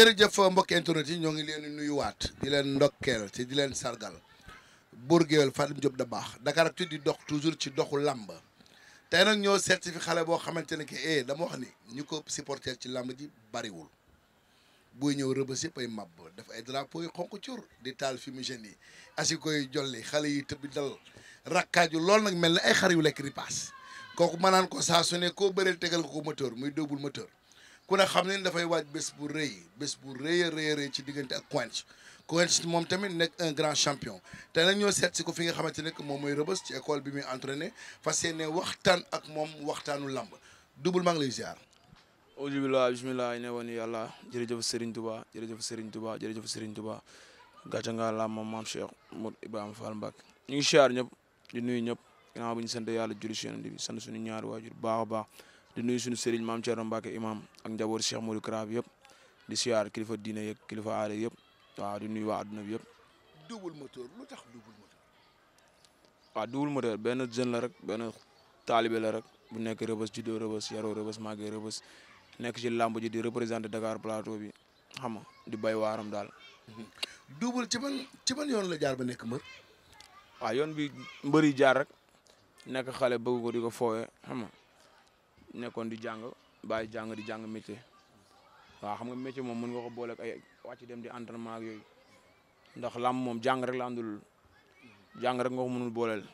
jërëjëf mbokki internet yi ñoo ngi leen di nuyuwaat di leen ndokkeel ci di leen sargal buur géwél Fatim Diop da baax Dakaractu di dox toujours ci doxu làmb tey nag ñoo certifié xale boo xamante ne que eh dama wax ni ñu ko supporter ci làmb ji bariwul buy ñëw rëbës yëpp ay màbb def ay drapeau yu xonk cur di taal mu fumigène yi si koy jolli xale yi tëbbi dal rakkaaju lool nag mel ni ay xare yu lekk ripaas kooku mënaan ko saa su ne koo bëreel tegal ko ko moteur muy double moteur ku ne xam ne dafay waaj bés bu rëy bés bu rëy a rëy rëy ci diggante ak Quench Quench moom tamit nekk un grand champion te nag ñoo seet si ko fi nga xamante ne moom mooy rëbës ci école bi muy entraîné fas yéene waxtaan ak moom waxtaanu lamb Double maa ngi lay ziar. aujubilaa bisimilah ne woon yàlla jërëjëf Serigne Touba jërëjëf Serigne Touba jërëjëf Serigne Touba gàcce nga la moom maam Cheikh Mour Ibrahima Fall ñu ngi ziar ñëpp di nuyu ñëpp ginnaaw bi sant yàlla julli si yonent bi sant ñaari waajur baax baax. di nuyu suñu sëriñ maam Thierno Mbacke imam ak njaboot Cheikh Modou Kara bi di siyaar kilifa diine yeeg kilifa aada yëpp waaw di nuyu waa bi yëpp. double moteur lu tax double moteur. waaw double moteur benn jeune la rek benn taalibe la rek bu nekk rëbës juddoo rëbës yaroo rëbës màggee rëbës nekk ci làmb ji di représenté Dakar plateau bi xam nga di bay waaram daal. Mhm. double ci ban ci la jaar ba nekk mbër. waaw yoon bi mbër jaar rek nekk xale bëgg ko di ko foowee nekkoon di jàng bàyyi jàng di jàng métier waa xam nga métier moom mën nga ko boole ak ay wàcc dem di entraînement ak yooyu ndax lam moom jàng rek la àndul jàng rek nga ko mënul booleel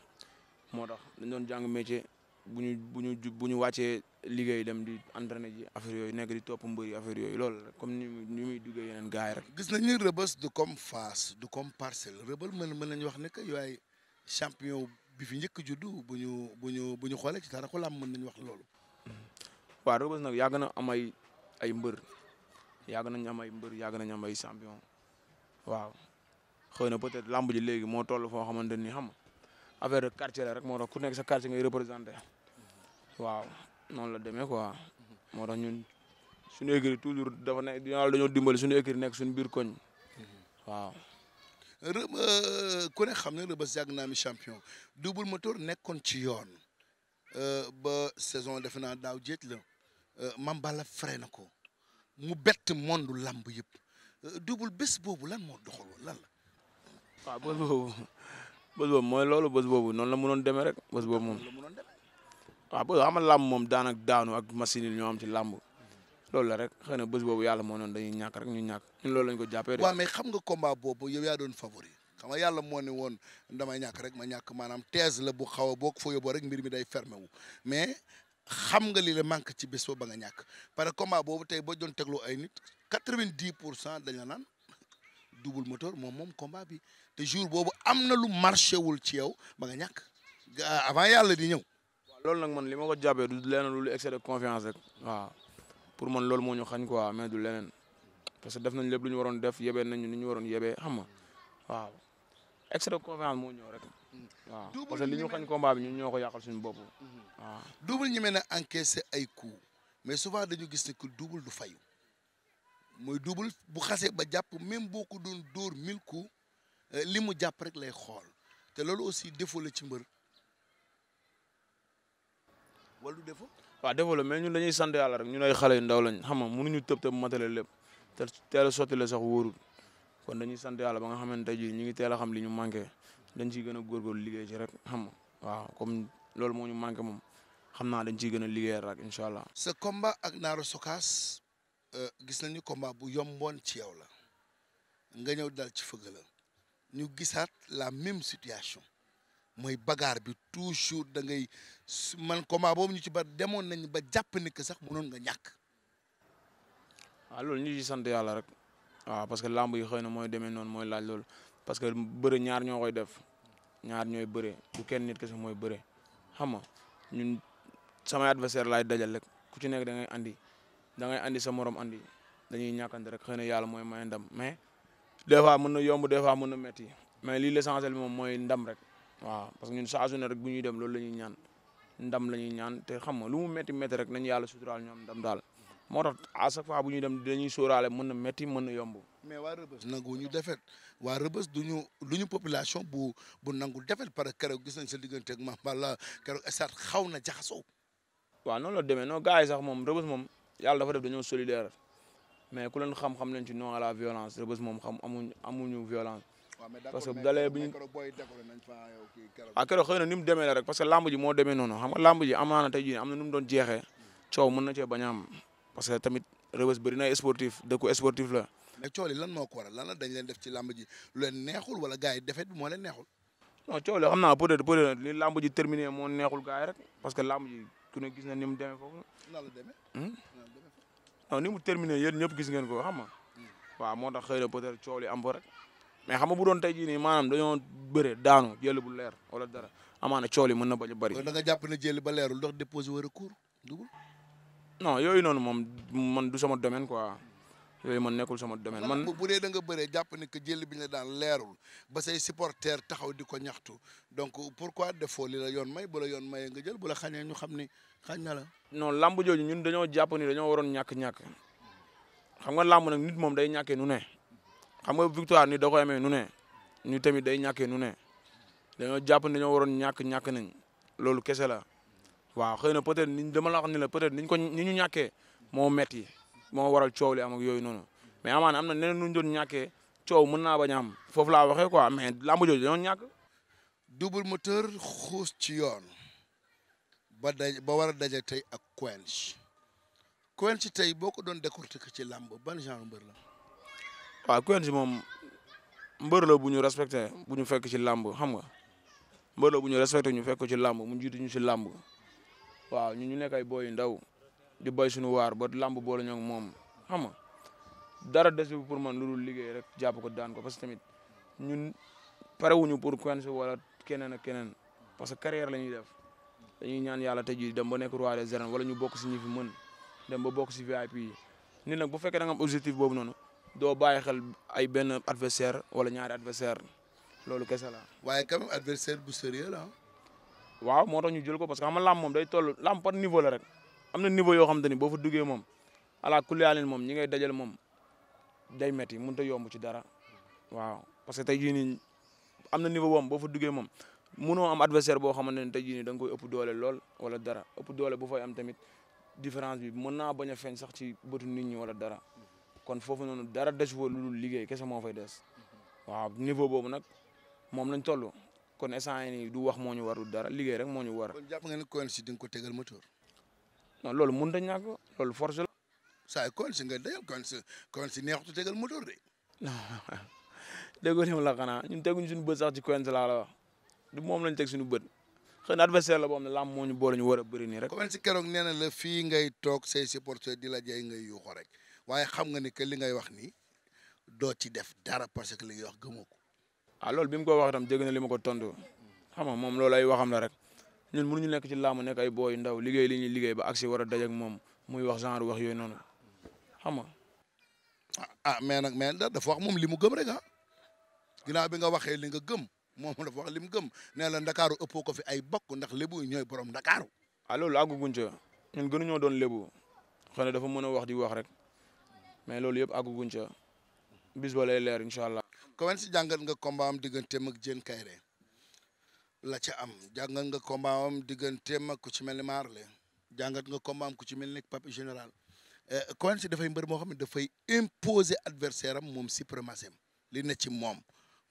moo tax dañ doon jàng métier bu ñu bu ñu bu ñu wàccee liggéey dem di entraîné ji affaire yooyu nekk di topp mbëri affaire yooyu loolu rek comme ni muy ni muy duggee yeneen gars rek. gis nañ ni Rebeuss du comme Fass du comme Parcelles Rebeuss mën mën nañu wax ne que yaay champion bi fi njëkk juddu bu ñu bu ñu bu ñu xoolee ci dara ko mën nañu wax loolu. waaw Rebeus nag yàgg na am ay ay mbër yàgg nañ am ay mbër yàgg nañ ay champion waaw xëy na peut-être lamb ji léegi moo toll foo xamante ni xam affaire quartier la rek moo tax ku nekk sa quartier ngay représenté waaw noonu la demee quoi moo tax ñun suñu écrit toujours dafa nekk dañoo dimbali suñu écrit nekk suñu biir koñ waaw. Euh, ku ne xam ne Rebeus yàgg naa mi champion double moteur nekkoon ci yoon. Euh, ba saison defe naa daaw jéet la euh, Mame Balla freiné na ko mu bett mondu làmb yëpp euh, Double bés boobu lan moo doxal woon lan la. waaw bés boobu bés boobu mooy loolu bés boobu noonu la mënoon demee rek bés boobu moom. waaw bés xam nga làmb moom daanak daanu ak machine yi ci làmb loolu la rek xëy na boobu yàlla moo noonu dañuy ñàkk rek ñu ñàkk ñun loolu lañ ko jàppee. waaw mais xam nga combat boobu yow yaa doon favori. xam nga yàlla moo ne woon damay ñàkk rek ma ñàkk maanaam thèse la bu xaw a bokk foo yóbboo rek mbir mi day fermé wu mais xam nga li la manque ci bés ba nga ñàkk parce que combat boobu tey boo doon tegloo ay nit quatre-vingt-dix pour cent dañ la naan double moteur moom moom combat bi te jour boobu am na lu marché wul ci yow ba nga ñàkk avant yàlla di ñëw. waaw loolu nag man li ma ko jàppee du leneen lu excès de confiance rek. waaw pour man loolu moo ñu xañ quoi mais du leneen parce que def nañ lépp lu ñu waroon def yebee nañ ñu ni ñu waroon yebee xam nga waaw extra confiance moo ñëw rek. Mm. waaw parce que li ñu xañ combat bi ñun ñoo ko yàqal suñu bopp. Mm-hmm. waaw double ñi mel ne encaissé ay coups mais souvent dañu gis ne ku double du fayu muy double bu xasee ba jàpp même boo ko doon dóor mille coups euh, li mu jàpp rek lay xool te loolu aussi défaut la ci mbër. wala du défaut. waaw défaut la mais ñun dañuy sant yàlla rek ñun ay xale yu ndaw lañ xam nga mënuñu tëb tëb matale lépp te teel a sotti la sax wóorul. kon dañuy sant yàlla ba nga xamante ji ñu ngi teel a xam li ñu manqué dañ ciy gën a góorgóorlu liggéey ci rek xam waaw comme loolu moo ñu manqué moom xam naa dañ ciy gën a liggéey rek incha allah. sa komba ak Naaru Sokaas euh, gis nañu combat bu yomboon ci yow la nga ñëw dal ci fëgg ñu gisaat la même situation mooy bagaar bi toujours da ngay man combat boobu ñu ci ba demoon nañ ba jàpp ni que sax mënoon nga ñàkk. waaw loolu ñu ci sant yàlla rek waaw parce que lamb yi xëy na mooy demee noonu mooy laaj loolu parce que bëre ñaar ñoo koy def ñaar ñooy bëre du kenn nit kese mooy bëre xam nga ñun samay adversaire laay dajal rek ku ci nekk da ngay andi da ngay andi sa morom andi dañuy ñàkkante rek xëy na yàlla mooy may ndam mais des fois mën na yomb des fois mën na metti mais lii l'essentiel bi moom mooy ndam rek waaw parce que ñun saa su ne rek bu ñuy dem loolu la ñuy ñaan ndam la ñuy ñaan te xam nga lu mu metti metti rek nañu yàlla suturaal ñoom ndam daal moo tax à chaque fois bu ñuy dem dañuy sóoraale mën na métti mën na yomb. mais waa Rëbës nangu ñu defet waa Rëbës du ñu lu ñu population bu bu nangu defet parce que keroog gis nañ sa diggante ak Mame Balla keroog stade xaw na jaxasoo. waaw noonu la demee non gars yi moom Rëbës moom yàlla dafa def dañoo solidaire mais xam-xam leen ci non à la violence Rëbës moom xam amuñu amuñu violence. parce que dalee bi ñu ah keroog xëy na ni mu la rek parce que lamb ji moo deme noonu xam nga lamb ji amaana tey jii am na nu mu doon jeexee coow mën na cee bañ a am parce que tamit Rebeus bëri na sportif dëkku sportif la. mais coow li lan moo la dañ leen def ci làmb ji lu leen neexul wala gars yi défaite bi moo leen neexul. non coow li xam naa peut être peut moo neexul gaay yi rek parce que làmb ji gis na ni mu demee foofu. lan hmm? ni mu terminé yéen ñëpp gis ngeen ko xam hmm. waa moo tax xëy na peut être coow am ba rek. mais xam nga bu doon tey jii nii maanaam dañoo bëre daanu jël bu leer wala dara amaana coow li mën na bañ a bëri. da nga jàpp ne ba leerul ndax déposé wu recours non yooyu noonu moom man du sama domaine quoi yooyu man nekkul sama domaine. man bu dee danga bëree jàpp ni que jël bi ñu daan leerul ba say supporter taxaw di ko ñaxtu donc pourquoi defoo li la yoon may bu la yoon may nga jël bu la xañee ñu xam ni xañ na la. non làmb jooju ñun dañoo jàpp ni dañoo waroon ñàkk-ñàkk xam nga làmb nag nit moom day ñàkkee nu ne xam nga victoire ni da koy amee nu ne ñu tamit day ñàkkee nu ne dañoo jàpp ni dañoo waroon ñàkk-ñàkk nañ loolu kese la. waaw xëy na être ni dama la wax ni la peut-être ko ni ñu ñàkkee moo metti moo waral coow li am ak yooyu noonu mais amaana am na nu ñu doon ñàkkee coow mën naa bañ a am foofu laa waxee quoi mais làmb jooju dañoo ñàkk. double moteur ci yoon ba daj ba war a daje tey ak Quench Quench tey boo ko doon décortiquer ci làmb ban genre mbër la. waaw Quench moom mbër la bu ñu respecté bu ñu fekk ci làmb xam nga mbër bu ñu respecté ñu fekk ci làmb mu jiitu ñu ci làmb. waaw ñu ñu nekk ay booy yu ndaw di bay suñu waar ba làmb boole ñoo moom xam nga dara desul pour man lu dul liggéey rek jàpp ko daan ko parce que tamit ñun parewuñu pour Quench wala keneen ak keneen parce que carrière la ñuy def dañuy ñaan yàlla tey jii dem ba nekk roi des arènes wala ñu bokk si ñi fi mën dem ba bokk si VIP yi nit nag bu fekkee na nga objectif boobu noonu doo bàyyi xel ay benn adversaire wala ñaari adversaire loolu kese la waaye quand même adversaire bu sérieux la waaw moo tax ñu jël ko parce que xam lam moom day toll làmb par niveau la rek am na niveau yoo xam te ni boo fa duggee moom ala kuliyaalin moom ñi ngay dajal moom day métti mënut a yombu ci dara waaw parce que tey jii nii am na niveau boom boo fa duggee moom mënoo am adversaire boo xamante ne tey jii da nga koy ëpp doole lool wala dara ëpp doole bu fay am tamit différence bi mën naa bañ a feeñ sax ci bëtu nit ñi wala dara kon foofu noonu dara des fa lu dul liggéey kese moo fay des waaw niveau boobu nag moom lañ toll. kon instant yii du wax moo ñu warul dara liggéey rek moo ñu war. kon jàpp nga ne Coins si di ko tegal moteur. non loolu mënut a ñàkk loolu force la. saa yu Coins nga dayal Coins Coins neexutu tegal moteur de. non déggoo li la xanaa ñun teguñ suñu bët sax ci Coins laa la wax du moom lañ teg suñu bët xëy na adversaire la boo xam ne moo ñu boole ñu war a bëri nii rek. Coins keroog nee na la fii ngay toog say supporters di la jay ngay yuuxu rek waaye xam nga ni que li ngay wax nii doo ci def dara parce li ngay wax gëmoo ah loolu bi mu ko wax itam dégg na li ma ko tontu xam nga moom loolu ay waxam la rek ñun mënuñu nekk ci laamu nekk ay booy ndaw liggéey li ñuy liggéey ba agsi war a moom muy wax genre wax yooyu noonu xam nga. ah, ah mais nag mais dafa wax moom li mu gëm rek ah ginnaaw bi nga waxee li nga gëm moom dafa wax li mu gëm nee la ndakaaru ëppoo ko fi ay bokk ndax lébu ñooy borom ndakaaru. ah loolu àgguguñ ca gënu ñoo doon lébu xëy dafa mën a wax di wax rek mais loolu yëpp àgguguñ ca bis ba leer incha allah. comment jàngat nga combat am digganteem ak Diène Kairé la ca am jàngat nga combat am digganteem ku ci mel ni Marley jàngat nga combat am ku ci mel ni Pape Général eh, comment si dafay mbër moo xam ne dafay imposer adversaire am moom suprématie am li ne ci moom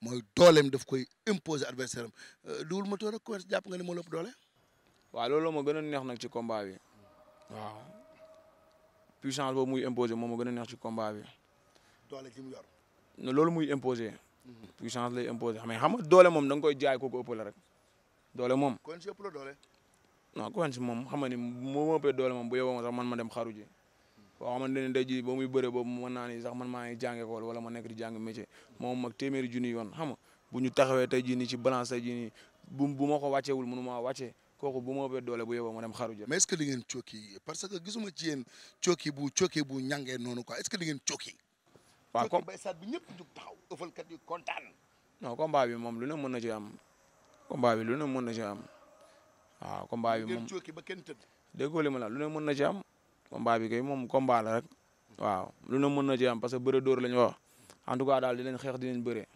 mooy dooleem def koy imposer adversaire am eh, Double Moteur ak comment jàpp nga ne moo la ëpp doole. waaw loolu moo gën a neex nag ci combat bi waaw puissance boobu muy imposer moom moo gën a neex ci combat bi. doole ji mu yor. loolu muy imposer. puissance lay imposer mais xam nga doole moom da ko jaay ko ëpp la rek doole moom. kon si ëpp la doole. non kon si moom xam nga ni moo ma ëppee doole moom bu yeboo sax man ma dem xaru ji. boo xamante ne daji ba muy bëre boobu mën naa ni sax man maa ngi jàng école wala ma nekk di jàng métier moom mag téeméeri junni yoon xam nga bu ñu taxawee tey jii nii ci balance tey jii nii bu bu ma ko wàcceewul mënu maa wàccee kooku bu ma ëppee doole bu yeboo ma dem xaru ja mais est ce que parce que gisuma ci yéen cokki bu cokki bu ñàngee noonu quoi est ce que waaw comme bi ñëpp jug taxaw ëffalkat yi kontaan. non combat bi moom lu ne mën na ci am combat bi lu ne mën na ci am waaw combat bi moom ba kenn tëdd déggoo ma lu ne mën na ci am combat bi la rek waaw lu ne mën na ci am parce que bëre dóor lañ wax en tout cas daal di leen xeex di leen bëre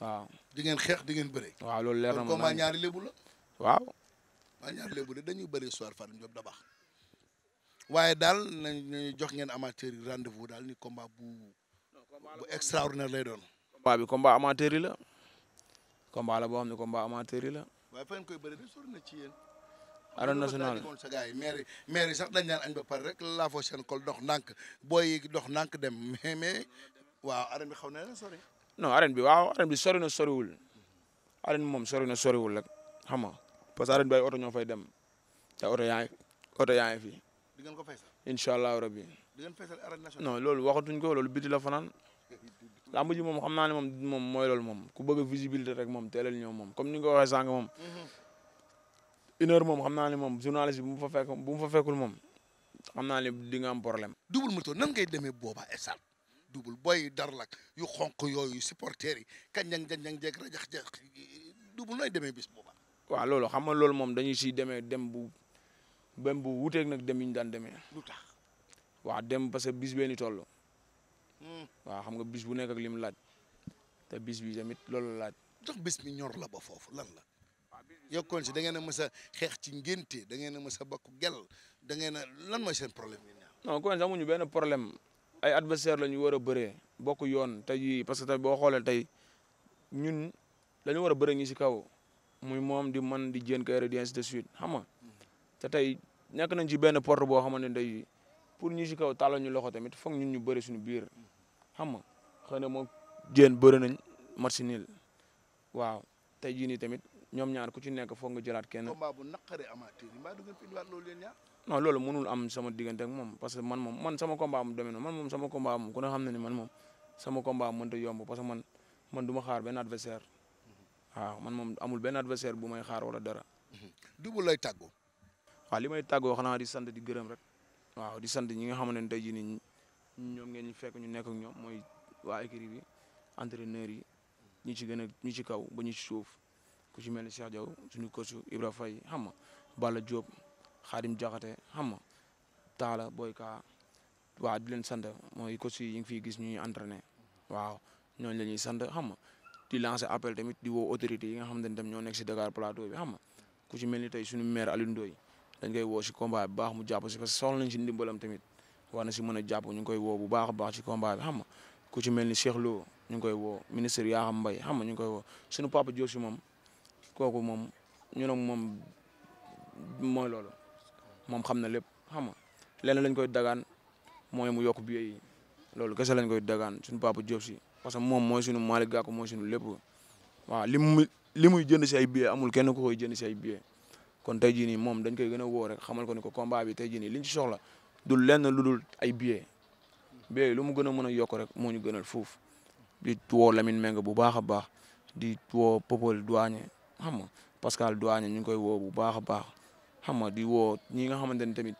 waaw di ngeen xeex di ngeen bëre waaw loolu leer na ma combat ñaari lébu la waaw maa ñaari de dañuy bëri soir far ñoom da baax waaye daal nañ jox ngeen amateur yi rendez-vous daal ni combat bu extraordinaire lay doon. combat bi combat amateur yi la. combat la boo xam ne combat amateur yi la. waaye fa koy sori na ci yéen. arène nationale sa yi sax dañ naan añ ba pare rek la foo seen kol dox ndànk booy dox ndànk dem mais mais waaw arène bi xaw na la sori. non arène bi waaw arène bi sori na soriwul. arène bi moom sori na soriwul rek xam nga parce que arène bi ay ñoo fay dem te oto yaa fi. di ko fay sax. rabbi. di ngeen feesal arène nationale. non loolu waxatuñ ko loolu biti la fanaan lamb ji moom xam naa ne moom moom mooy lool moom ku bëgg a visibilité rek moom teelal ñëw moom comme ni nga ko waxee sànq moom. Mm-hmm. une moom xam naa ne moom journaliste bi bu mu fa fekk bu mu fa fekkul moom xam naa ne di nga am problème. double moto nan ngay demee booba esal double booy darlak yu xonq yooyu supporters yi kañ njang njang jeeg rajax jeeg double nooy demee bis booba. waaw loolu xam nga loolu moom dañuy siy demee dem bu dem bu wuuteeg nag dem yi daan demee. lu waaw dem parce que bis bee ni toll. Hmm. waaw xam nga bis bu nekk ak li laaj. te bis bi tamit loolu laaj. jox bis mi ñor la ba foofu lan la. yokkoon si da ngeen a mës a xeex ci ngénte da ngeen a mës a bakku gel da ngeen a lan mooy seen problème yi. non kon amuñu benn problème ay adversaire la ñu war a bëree bokk yoon tey jii parce que tey boo xoolee tey ñun dañu war a bëree ñi si kaw muy moom di man di jéem kër di de suite xam nga hmm. te tey nekk nañ ci benn porte boo xamante ne tey pour ñu si kaw tàllal ñu loxo tamit foog ñun ñu bëri suñu biir xam nga xëy na moom jéen bëri nañ match nil waaw tey jii nii tamit ñoom ñaar ku ci nekk foog nga jëlaat kenn. combat bu naqaree amateur yi mbaa du ngeen fi indiwaat loolu leen mënul am sama diggante moom parce que man moom man sama combat am demee noonu man moom sama combat am ku ne xam na ne man moom sama combat am mënta yomb parce que man man du ma xaar benn adversaire waaw man moom amul benn adversaire bu may xaar wala dara. Double lay tàggoo. waaw li may tàggoo xanaa di sant di gërëm rek. waaw di sant ñi nga xamante ne tey jii nii ñoom ngeen ñu fekk ñu nekk ak ñoom mooy waa écurie bi entraîneurs yi ñi ci gën a ñi ci kaw ba ñu ci suuf ku ci mel ni Cheikh Diaw suñu coach Ibra Faye xam nga joob Diop Xaadim Jaxate xam nga Taala booy Ka waaw di leen sant mooy coach yi ngi fiy gis ñuy entraîné waaw ñooñu la ñuy sant xam nga di lancer appel tamit di woo autorités yi nga xamante ñoo nekk si Dakar Plateau bi xam nga ku ci mel ni tey suñu maire Alioune Ndoye dañ koy woo si combat bi baax mu jàpp si parce que soxla nañ si tamit war na si mën a jàpp ñu ngi koy wo bu baax a baax ci combat bi xam nga ku ci mel ni Cheikh Lo ñu ngi koy woo ministre Yakham bay xam nga ñu koy woo suñu papa Diop si moom kooku moom ñu ne moom mooy loolu moom xam na lépp xam nga lenn lañ koy dagaan mooy mu yokk bi yi loolu kese lañ koy dagaan suñu papa Diop si parce que moom mooy suñu Malick Gakou mooy suñu lépp waaw li mu li muy jënd si ay billets amul kenn ku koy jënd si ay billets kon tey jii nii moom dañ koy gën a woo rek xamal ko ni ko combat bi tey jii nii liñ ci soxla du lenn lu dul ay billets billets lu mu gën a mën a yokk rek moo ñu gënal fuuf di woo Lamine Mbengue bu baax a baax di woo Popol Douagne xam nga Pascal Douagne ñu ngi koy woo bu baax a baax xam nga di woo ñi nga xamante ni tamit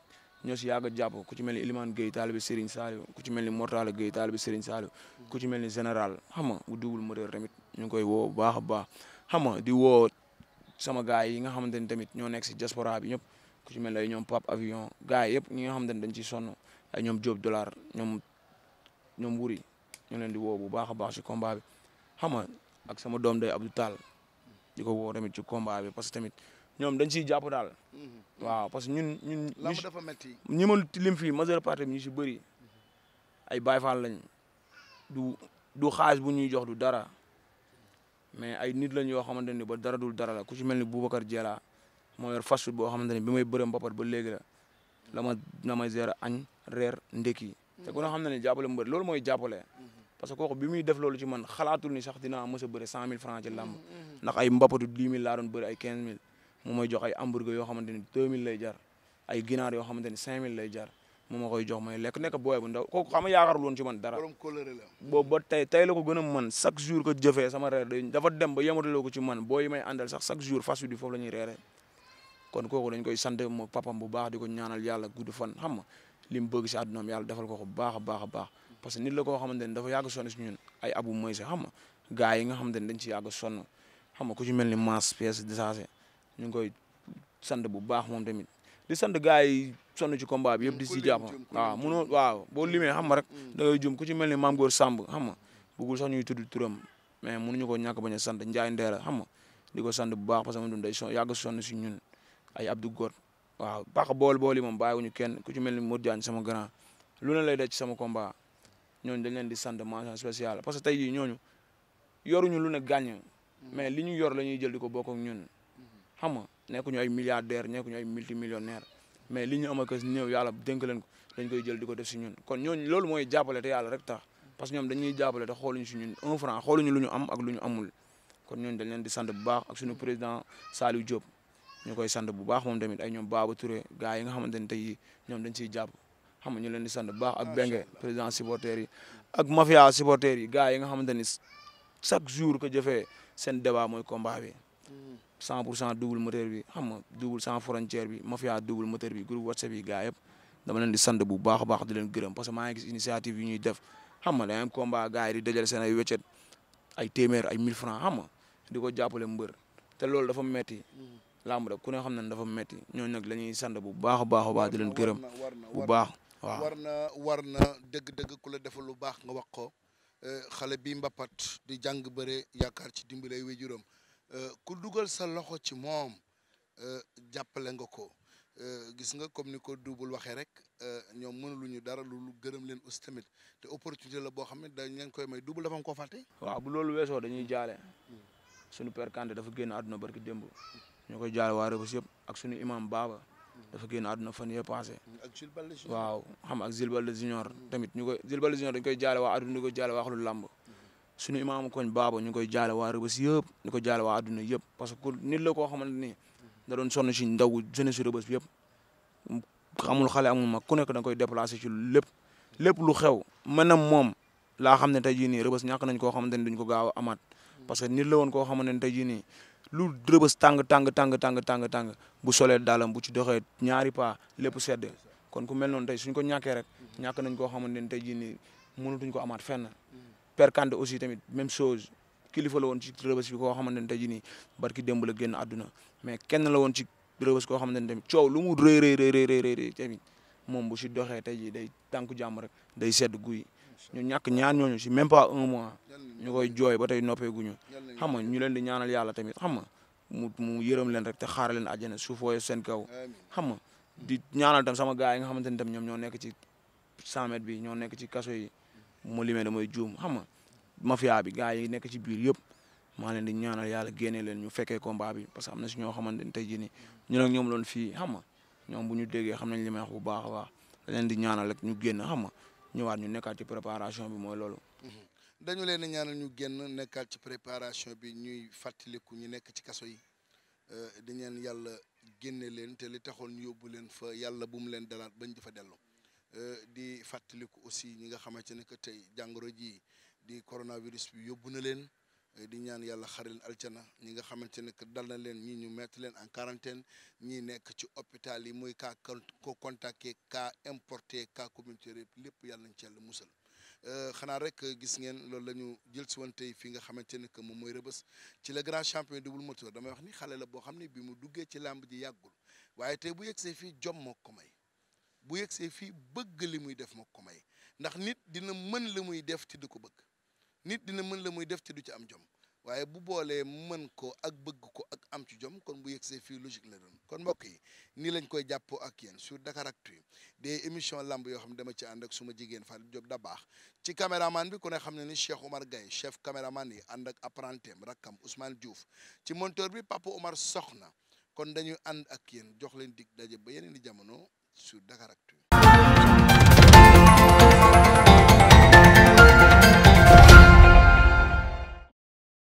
ñoo si yàgg a ku ci mel ni Elimane Gueye taalibe Serigne Saliou ku ci mel ni Mortala Gueye taalibe Serigne Saliou ku ci mel ni général xam nga bu double moteur tamit ñu ngi koy woo bu baax a baax xam nga di woo sama gars yi nga xamante ni tamit ñoo nekk si diaspora bi ñëpp ku ci mel ne ñoom Pape Avion gars yi yëpp ñi nga xamante ni dañ ciy sonn ay ñoom Diop dollar ñoom ñoom Wuri ñu leen di woo bu baax a baax si combat bi xam nga ak sama doom day Abdou taal di ko woo tamit ci combat bi parce que tamit ñoom dañ siy jàpp daal. Mhm. waaw parce que ñun ñun. lamb dafa métti ñi ma lim fii majeure partie bi ñu si bëri ay Baye Fall lañ du du bu ñuy jox du dara. mais ay nit lañ yoo xamante ni ba dara dul dara la ku ci mel ni Boubacar Diarra moo fast food boo xamante ni bi may bërëm ba pare ba léegi la la ma la ma gérer añ reer ndekki. te ku nga xam ne jàppale mbër loolu mooy jàppale. parce que kooku bi muy def loolu ci man xalaatul ni sax dinaa mës a bëri cent mill franc ci làmb. ndax ay mbappatu dix mille laa doon bëri ay quinze mille. mu may jox ay hamburger yoo xamante ni deux mille lay jar ay ginaar yoo xamante ni cinq mille lay jar. moom ma koy jox may lekk nekk booy bu ndaw kooku xam nga yaakaarul woon man dara. boobu ba tey la ko gën a mën chaque jour ko jëfee sama reer dafa dem ba yematuloo ko ci man booy yi may àndal sax chaque jour fas yu di foofu la ñuy reeree kon koy sant mo papam bu baax di ko ñaanal yàlla gudd fan xam nga li mu bëgg si àddunaam yàlla defal ko ko baax baax a baax parce que nit la koo xamante ne dafa yàgg sonn si ñun ay abu yi nga xamante ne dañ ci yàgg sonn xam nga ku ci mel ni masse pièce déchargée ñu ngi koy sant bu baax moom tamit di sant gars yi sonn ci combat bi yëpp di si jàpp waaw munoo waaw boo limee xam nga rek da ngay jum ku ci mel ni maam góor Samb xam bu bëggul sax ñuy tudd turam mais mënuñu ko ñàkk bañ a sant Ndiaye Ndera xam di ko sant bu baax parce que ma dund day son yàgg sonn si ñun ay Abdou Got waaw baax bool bool yi moom ñu kenn ku ci mel ni Modou Diagne sama grand lu ne lay def ci sama combat ñooñu dañ leen di sant mention spéciale parce que tey jii ñooñu yoruñu lu ne gàññ mais li ñu yor la ñuy jël di ko bokk ak ñun xam nga nekkuñu ay milliardaire nekkuñu ay multimillionnaire mais li ñu am ak néew yàlla dénk leen ko dañ koy jël di ko def si ñun kon ñooñu loolu mooy jàppale te yàlla rek tax parce que ñoom dañuy jàppale te xooluñu si ñun un franc xooluñu lu ñu am ak lu ñu amul kon ñooñu dañ leen di sant bu baax ak suñu président Saliou Diop ñu koy sand bu baax moom tamit ay ñoom Baba Touré gars yi nga xamante ne tey ñoom dañ ciy jàpp xam nga ñu leen di sant bu baax ak Bengue président supporters yi ak mafia supporters yi gars yi nga xamante ni chaque jour que jëfee seen débat mooy combat 100 pour cent double moteur bi xam nga double sans frontière bi mafia double moteur bi groupe whatsapp yi gars yëpp dama leen di sant bu baax a baax di leen gërëm que maa ngi gis initiative yi ñuy def xam nga day seen ay wéccet ay téeméer ay 1000 francs xam di ko jàppale mbër te loolu dafa metti làmb ku ne xam ne dafa metti ñooñu nag la ñuy sant bu baax a baax a baax di leen gërëm bu baax waaw war na war na dëgg-dëgg ku la defal lu baax nga wax ko euh, xale bi mbappat di jàng bëre yaakaar ci dimbalay waajuram Euh, ku dugal sa loxo ci moom euh, jàppale nga ko euh, gis nga comme ni ko duubul waxee rek ñoom ñu dara lu lu gërëm leen aussi tamit te opportunité la boo xam ne dañ leen koy may duubul dafa nga koo fàtte. loolu weesoo dañuy jaale. suñu père Kanté dafa génn àdduna barki démb. ñu koy jaale waa Rebeuss yëpp ak suñu imam Baba. dafa génn àdduna fan yee passé. ak Zilbal Junior waaw xam ak Zilbal Junior. tamit ñu koy Zilbal Junior dañ jaale waa àdduna di ko jaale waa xolu làmb. suñu imaamu koñ baaba ñu koy jaale waa Rëbës yëpp ñu ko jaale waa adduna yëpp parce que nit la koo xamante ni da doon sonn si ndaw jeunesse Rëbës yëpp xamul xale amul mag ku nekk da koy déplacé ci lépp lépp lu xew maanaam moom laa xam ne tey jii nii Rëbës ñàkk nañ koo xamante ni duñ ko gaaw a amaat parce que nit la woon koo xamante ne tey jii nii lu Rëbës tàng tàng tàng tàng tàng tàng bu solee daalam bu ci doxee ñaari pas lépp sedd kon ku mel noonu tey suñ ko ñàkkee rek ñàkk nañ koo xamante ni tey jii nii mënatuñ ko amaat fenn Père Kande aussi tamit même chose kilifa la woon ci rëbës bi koo xamante ne tey jii nii barki démb la génn àdduna mais kenn la woon ci rëbës koo xamante ne tamit coow lu mu rëy rëy rëy rëy rëy tamit moom bu si doxee tey jii day tànku jàmm rek day sedd guy ñu ñàkk ñaan ñooñu si même pas un mois ñu koy jooy ba tey noppeeguñu xam nga ñu leen di ñaanal yàlla tamit xam nga mu mu yërëm leen rek te xaar leen àjjana su fooyee seen kaw xam nga di ñaanal tam sama gars yi nga xamante ne tam ñoom ñoo nekk ci 100 bi ñoo nekk ci kaso yi mu limee damay juum xam nga mafia bi gars yi nekk ci biir yëpp maa leen di ñaanal yàlla génne leen ñu fekkee combat bi parce que am na si ñoo xamante ne tey jii nii ñu nag ñoom loon fii xam nga ñoom bu ñu déggee xam nañ li may wax bu baax a leen di ñaanal rek ñu génn xam nga ñëwaat ñu nekkaat ci préparation bi mooy loolu. Mhm. dañu leen a ñaanal ñu génn nekkaat ci préparation bi ñuy fàttaliku ñu nekk ci kaso yi euh, di ñaan yàlla génnee leen te li taxoon ñu yóbbu leen fa yàlla bum leen dalaat bañ di fa dellu Euh, di fàttaliku aussi ñi nga xamante ne que tey jàngoro ji di coronavirus bi yóbbu na leen euh, di ñaan yàlla xare leen altana ñi nga xamante ne que dal na leen ñi ñu mettre leen en quarantaine ñi nekk ci hôpital yi muy cas ko ka importe importé cas communautaire lépp yàlla nañ ci yàlla musal euh, xanaa rek gis ngeen loolu la ñu jël si woon tey fi nga xamante ne que moom mooy rëbës ci le grand champion double moteur damay wax ni xale la boo xam ne bi mu duggee ci làmb ji yàggul waaye tey bu yegsee fii jom moo bu yegsee fii bëgg li muy def moo ko may ndax nit dina mën la muy def te du ko bëgg nit dina mën la muy def te du ci am jom waaye bu boolee mën ko ak bëgg ko ak am ci jom kon bu yegsee fii logique la doon kon mbokk yi ni lañ koy jàppoo ak yéen sur Dakaractu des émission lamb yoo xam ne dama ci ànd ak suma jigéen Fatou Diop da baax ci caméraman bi ku ne xam ne ni Cheikh Omar gay chef caméraman yi ànd ak apprenti am rakkam Ousmane Diouf ci monteur bi Papa Omar Soxna kon dañuy ànd ak yéen jox leen dig daje ba yeneen di jamono sur Dakaractu.